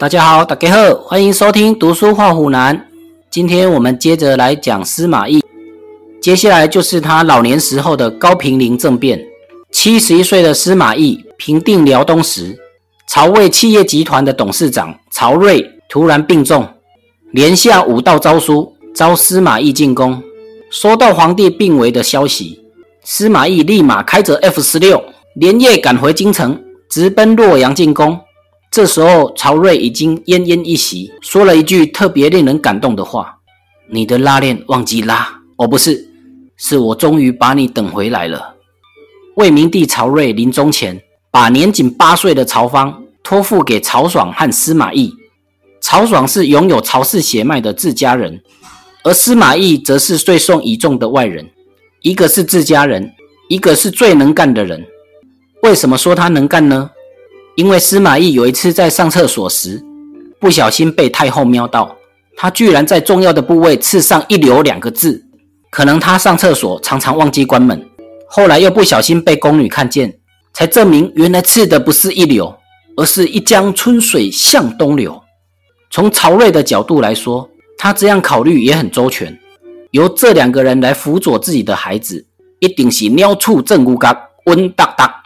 大家好，大家好，歡迎收聽《讀書畫虎難》。今天我們接着來講司馬懿，接下來就是他老年時候的高平陵政變。七十一歲的司馬懿平定遼東時，曹魏企業集團的董事長曹睿突然病重，連下五道詔書，召司馬懿進宮。收到皇帝病危的消息，司馬懿立馬開着 F 十六，連夜趕回京城，直奔洛陽進宮。這時候，曹睿已經奄奄一息，說了一句特別令人感動的話：“你的拉鏈忘記拉，哦，不是，是我終於把你等回來了。”魏明帝曹睿臨終前，把年僅八歲的曹芳托付給曹爽和司馬懿。曹爽是擁有曹氏血脈的自家人，而司馬懿則是最受倚重的外人。一個是自家人，一個是最能幹的人。為什麼說他能幹呢？因為司馬懿有一次在上廁所時，不小心被太后瞄到，他居然在重要的部位刺上“一流”兩個字。可能他上廁所常常忘記關門，後來又不小心被宮女看見，才證明原來刺的不是“一流”，而是一江春水向東流。從曹睿的角度來說，他這樣考慮也很周全。由這兩個人來輔佐自己的孩子，一定是鳥畜正骨，剛溫噠噠。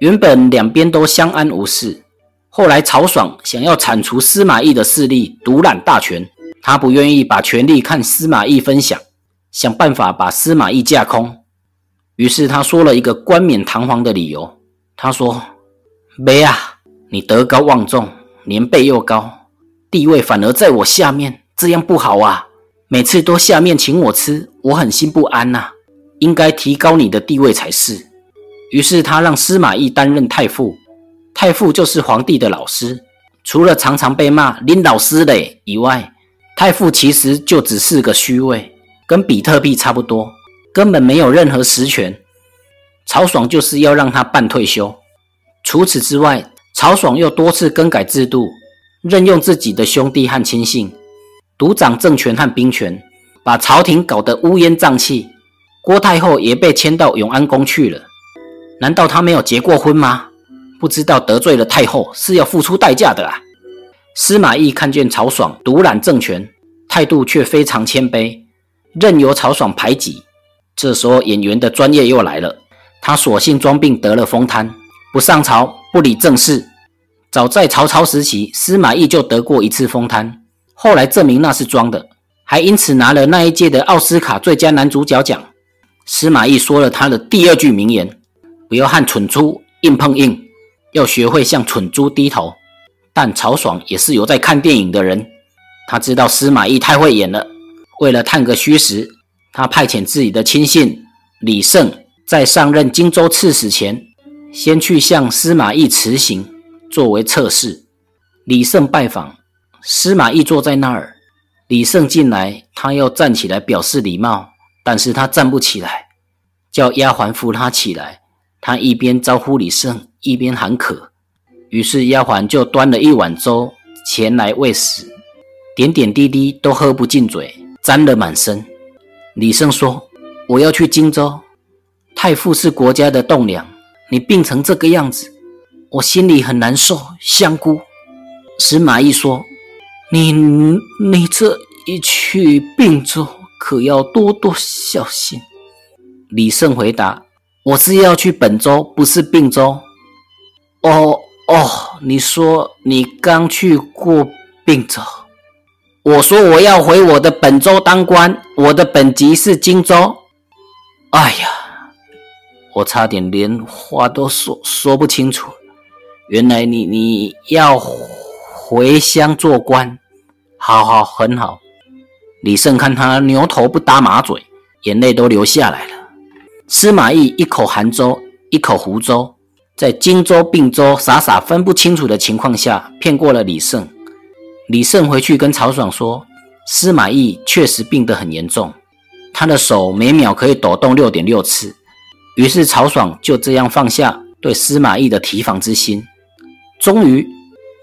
原本兩邊都相安無事，後來曹爽想要鏟除司馬懿的勢力，獨攬大權。他不願意把權力看司馬懿分享，想辦法把司馬懿架空。於是他說了一個冠冕堂皇的理由。他說：“沒啊，你德高望重，年輩又高，地位反而在我下面，這樣不好啊。每次都下面請我吃，我很心不安吶、啊。應該提高你的地位才是。”於是他讓司馬懿擔任太傅，太傅就是皇帝的老師，除了常常被罵“拎老師嘞”以外，太傅其實就只是個虛位，跟比特幣差不多，根本沒有任何實權。曹爽就是要讓他半退休。除此之外，曹爽又多次更改制度，任用自己的兄弟和親信，獨掌政權和兵權，把朝廷搞得烏煙瘴氣。郭太後也被遷到永安宮去了。難道他沒有結過婚嗎？不知道得罪了太後是要付出代價的啊！司馬懿看見曹爽獨攬政權，態度卻非常謙卑，任由曹爽排擠。這時候演員的專業又來了，他索性裝病得了風癱，不上朝，不理政事。早在曹操時期，司馬懿就得過一次風癱，後來證明那是裝的，還因此拿了那一屆的奧斯卡最佳男主角獎。司馬懿說了他的第二句名言，不要和蠢豬硬碰硬，要學會向蠢豬低頭。但曹爽也是有在看電影的人，他知道司馬懿太會演了。為了探個虛實，他派遣自己的親信李勝在上任荊州刺史前，先去向司馬懿辭行，作為測試。李勝拜訪，司馬懿坐在那兒。李勝進來，他要站起來表示禮貌，但是他站不起來，叫丫鬟扶他起來。他一邊招呼李勝，一邊喊渴，於是丫鬟就端了一碗粥前來餵食，點點滴滴都喝不進嘴，沾了滿身。李勝說：“我要去荊州，太傅是國家的棟梁，你病成這個樣子，我心裡很難受。”香菇，司馬懿說：“你你這一去并州，可要多多小心。”李勝回答。我是要去本州，不是並州。哦哦，你說你剛去過並州？我說我要回我的本州當官，我的本籍是荊州。哎呀，我差點連話都說說不清楚。原來你你要回鄉做官，好好，很好。李勝看他牛頭不搭馬嘴，眼淚都流下來了。司馬懿一口杭州，一口湖州，在荊州、并州傻傻分不清楚的情況下，騙過了李勝。李勝回去跟曹爽說，司馬懿確實病得很嚴重，他的手每秒可以抖動六點六次。於是曹爽就這樣放下對司馬懿的提防之心。終於，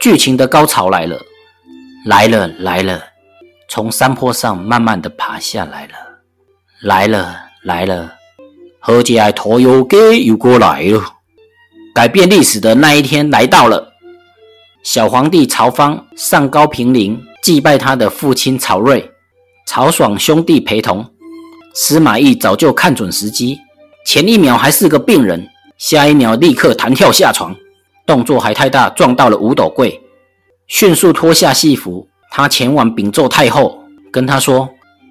劇情的高潮來了，來了來了，從山坡上慢慢的爬下來了，來了來了。而且還拖油給又過來了。改變歷史的那一天來到了。小皇帝曹芳上高平陵祭拜他的父親曹睿，曹爽兄弟陪同。司馬懿早就看準時機，前一秒還是個病人，下一秒立刻彈跳下床，動作還太大撞到了五斗櫃，迅速脫下戲服。他前往稟奏太後，跟她說：“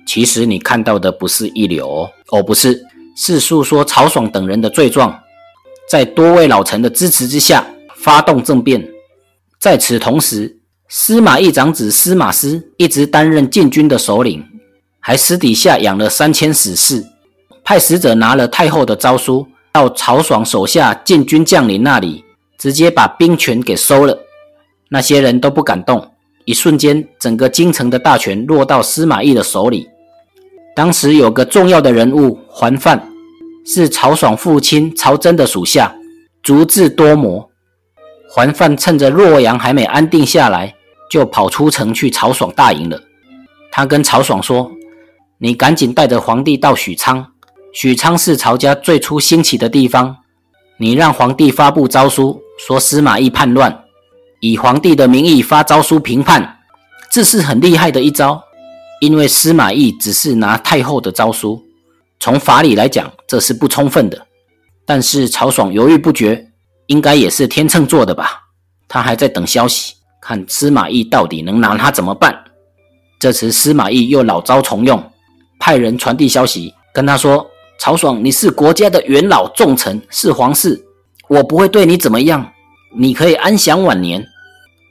其實你看到的不是一流哦，哦，不是。”是訴說曹爽等人的罪狀，在多位老臣的支持之下，發動政變。在此同時，司馬懿長子司馬師一直擔任禁軍的首領，還私底下養了三千死士，派使者拿了太後的詔書到曹爽手下禁軍將領那裡，直接把兵權給收了。那些人都不敢動，一瞬間，整個京城的大權落到司馬懿的手裡。當時有個重要的人物桓範，是曹爽父親曹真的屬下，足智多謀。桓範趁着洛陽還沒安定下來，就跑出城去曹爽大營了。他跟曹爽說：“你趕緊帶着皇帝到許昌，許昌是曹家最初興起的地方。你讓皇帝發布詔書，說司馬懿叛亂，以皇帝的名義發詔書平叛，這是很厲害的一招。”因為司馬懿只是拿太後的詔書，從法理來講，這是不充分的。但是曹爽猶豫不決，應該也是天秤座的吧？他還在等消息，看司馬懿到底能拿他怎麼辦。這時司馬懿又老招重用，派人傳遞消息，跟他說：“曹爽，你是國家的元老重臣，是皇室，我不會對你怎麼樣，你可以安享晚年。”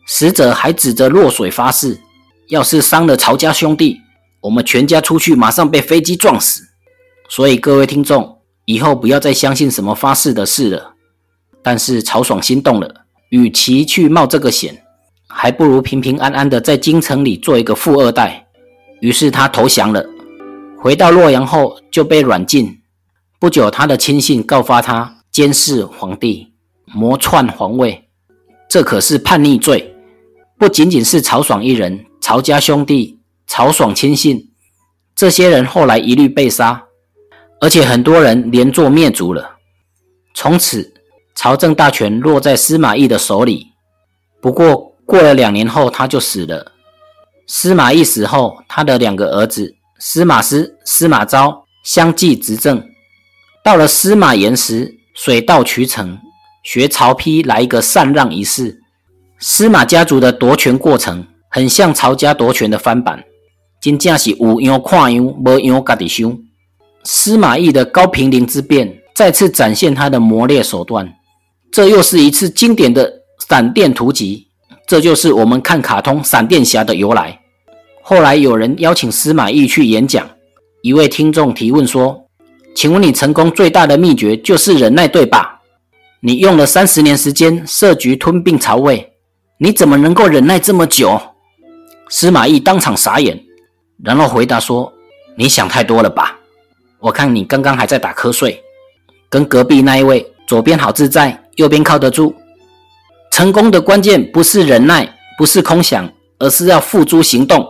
使者還指着洛水發誓。要是傷了曹家兄弟，我們全家出去馬上被飛機撞死。所以各位聽眾，以後不要再相信什麼發誓的事了。但是曹爽心動了，與其去冒這個險，還不如平平安安的在京城裡做一個富二代。於是他投降了，回到洛陽後就被軟禁。不久，他的親信告發他監視皇帝，謀篡皇位，這可是叛逆罪，不僅僅是曹爽一人。曹家兄弟、曹爽親信，這些人後來一律被殺，而且很多人連坐滅族了。從此，朝政大權落在司馬懿的手裡。不過，過了兩年後，他就死了。司馬懿死後，他的兩個兒子司馬師、司馬昭相繼執政。到了司馬炎時，水到渠成，學曹丕來一個禪讓儀式。司馬家族的奪權過程，很像曹家奪權的翻版，真正是有樣看樣，無樣家己想。司馬懿的高平陵之變再次展現他的謀略手段，這又是一次經典的閃電突擊，這就是我們看卡通閃電俠的由來。後來有人邀請司馬懿去演講，一位聽眾提問說：“請問你成功最大的秘訣就是忍耐，對吧？你用了三十年時間設局吞併曹魏，你怎麼能夠忍耐這麼久？”司馬懿當場傻眼，然後回答說：“你想太多了吧？我看你剛剛還在打瞌睡，跟隔壁那一位，左邊好自在，右邊靠得住。成功的關鍵不是忍耐，不是空想，而是要付諸行動。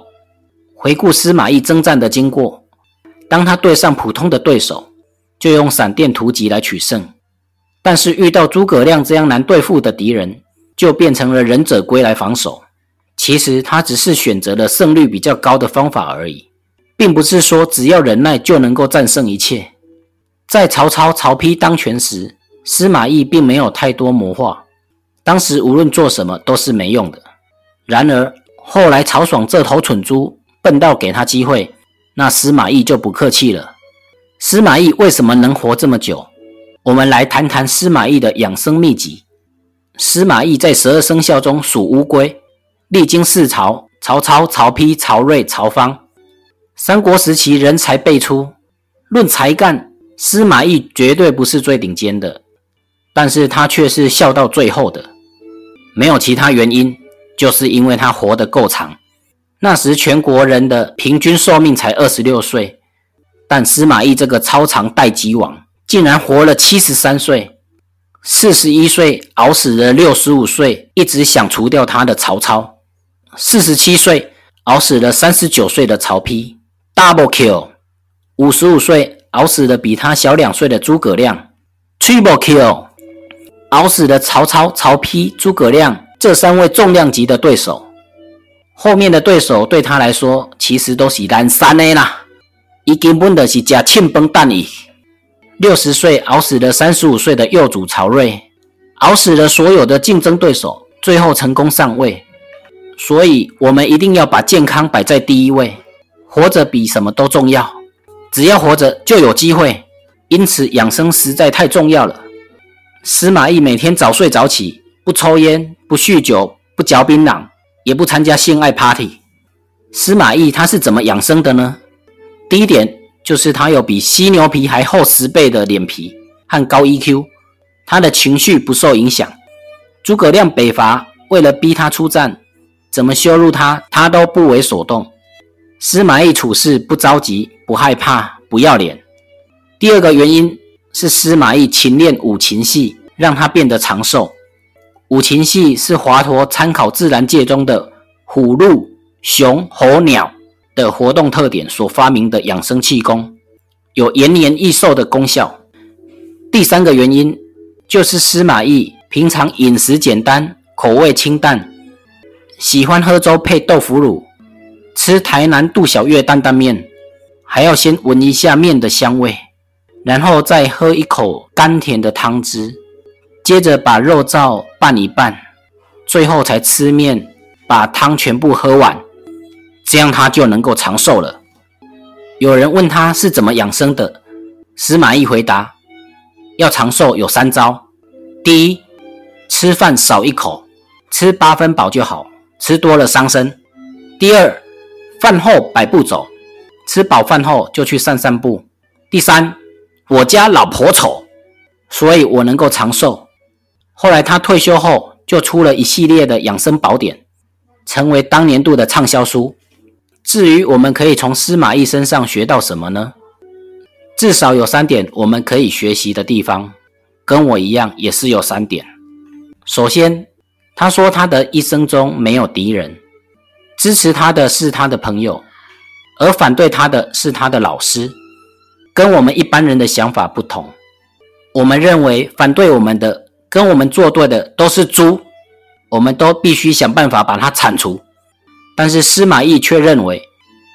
回顧司馬懿征戰的經過，當他對上普通的對手，就用閃電突擊來取勝；但是遇到諸葛亮這樣難對付的敵人，就變成了忍者歸來防守。”其實他只是選擇了勝率比較高的方法而已，並不是說只要忍耐就能夠戰勝一切。在曹操、曹丕當權時，司馬懿並沒有太多謀劃，當時無論做什麼都是沒用的。然而後來曹爽這頭蠢豬笨到給他機會，那司馬懿就不客氣了。司馬懿為什麼能活這麼久？我們來談談司馬懿的養生秘籍。司馬懿在十二生肖中屬烏龜。歷經四朝，曹操、曹丕、曹睿、曹芳，三國時期人才輩出。論才幹，司馬懿絕對不是最頂尖的，但是他卻是笑到最後的。沒有其他原因，就是因為他活得夠長。那時全國人的平均壽命才二十六歲，但司馬懿這個超長待機王竟然活了七十三歲，四十一歲熬死了六十五歲，一直想除掉他的曹操。四十七歲熬死了三十九歲的曹丕，double kill；五十五歲熬死了比他小兩歲的諸葛亮，triple kill；熬死了曹操、曹丕、諸葛亮這三位重量級的對手，後面的對手對他來說其實都是一單三 A 啦，已經悶得是吃慶繃蛋矣。六十歲熬死了三十五歲的幼主曹睿，熬死了所有的競爭對手，最後成功上位。所以，我們一定要把健康擺在第一位。活着比什麼都重要，只要活着就有機會。因此，養生實在太重要了。司馬懿每天早睡早起，不抽菸，不酗酒，不嚼檳榔，也不參加性愛 party。司馬懿他是怎麼養生的呢？第一點就是他有比犀牛皮還厚十倍的臉皮和高 EQ，他的情緒不受影響。諸葛亮北伐，為了逼他出戰。怎麼羞辱他，他都不為所動。司馬懿處事不着急，不害怕，不要臉。第二個原因是司馬懿勤練五禽戲，讓他變得長壽。五禽戲是華佗參考自然界中的虎、鹿、熊、猴、鳥的活動特點所發明的養生氣功，有延年益壽的功效。第三個原因就是司馬懿平常飲食簡單，口味清淡。喜歡喝粥配豆腐乳，吃台南度小月擔擔麵，還要先聞一下麵的香味，然後再喝一口甘甜的湯汁，接着把肉燥拌一拌，最後才吃麵，把湯全部喝完，這樣他就能夠長壽了。有人問他是怎麼養生的，司馬懿回答：要長壽有三招，第一，吃飯少一口，吃八分飽就好。吃多了傷身。第二，飯後百步走，吃飽飯後就去散散步。第三，我家老婆醜，所以我能夠長壽。後來他退休後就出了一系列的養生寶典，成為當年度的暢銷書。至於我們可以從司馬懿身上學到什麼呢？至少有三點我們可以學習的地方，跟我一樣也是有三點。首先，他說：“他的一生中沒有敵人，支持他的是他的朋友，而反對他的是他的老師。跟我們一般人的想法不同，我們認為反對我們的、跟我們作對的都是豬，我們都必須想辦法把它鏟除。但是司馬懿卻認為，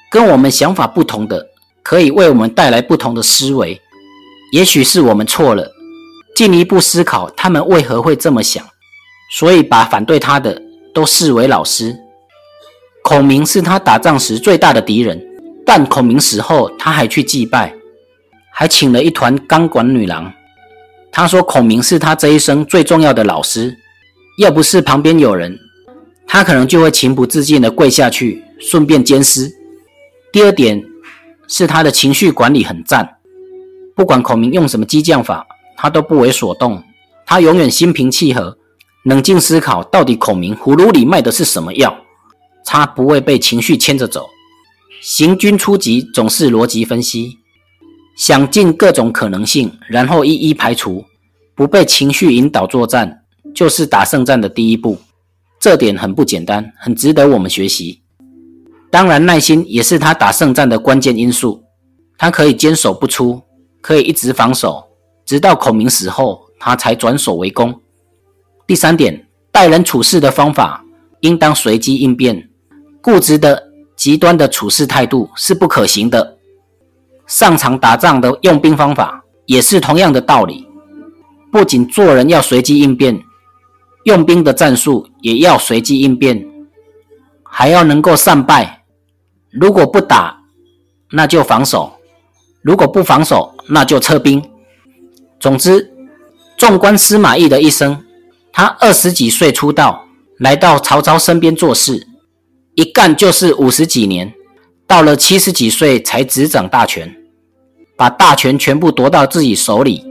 跟我們想法不同的可以為我們帶來不同的思維。也許是我們錯了，進一步思考他們為何會這麼想。”所以，把反對他的都視為老師。孔明是他打仗時最大的敵人，但孔明死後，他還去祭拜，還請了一團鋼管女郎。他說：“孔明是他這一生最重要的老師，要不是旁邊有人，他可能就會情不自禁的跪下去，順便監師。”第二點是他的情緒管理很讚，不管孔明用什麼激將法，他都不為所動，他永遠心平氣和。冷靜思考，到底孔明葫蘆裡賣的是什麼藥？他不會被情緒牽着走。行軍出擊總是邏輯分析，想盡各種可能性，然後一一排除，不被情緒引導作戰，就是打勝仗的第一步。這點很不簡單，很值得我們學習。當然，耐心也是他打勝仗的關鍵因素。他可以堅守不出，可以一直防守，直到孔明死後，他才轉守為攻。第三點，待人處事的方法應當隨機應變，固執的、極端的處事態度是不可行的。上場打仗的用兵方法也是同樣的道理。不僅做人要隨機應變，用兵的戰術也要隨機應變，還要能夠善敗。如果不打，那就防守；如果不防守，那就撤兵。總之，縱觀司馬懿的一生，他二十幾歲出道，來到曹操身邊做事，一幹就是五十幾年，到了七十幾歲才執掌大權，把大權全部奪到自己手裡，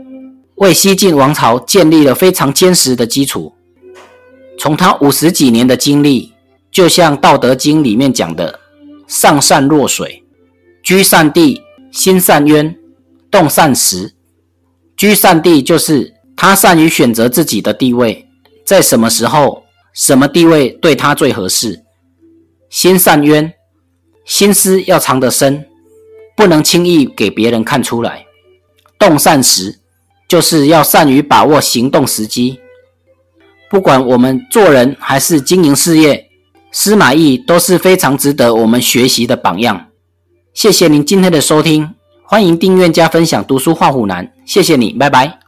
為西晉王朝建立了非常堅實的基礎。從他五十幾年的經歷，就像《道德經》裡面講的：“上善若水，居善地，心善淵，動善時。”居善地就是他善於選擇自己的地位。在什麼時候、什麼地位對他最合適？心善淵，心思要藏得深，不能輕易給別人看出來。動善時，就是要善於把握行動時機。不管我們做人還是經營事業，司馬懿都是非常值得我們學習的榜樣。謝謝您今天的收聽，歡迎訂閱加分享，讀書畫虎難。謝謝你，拜拜。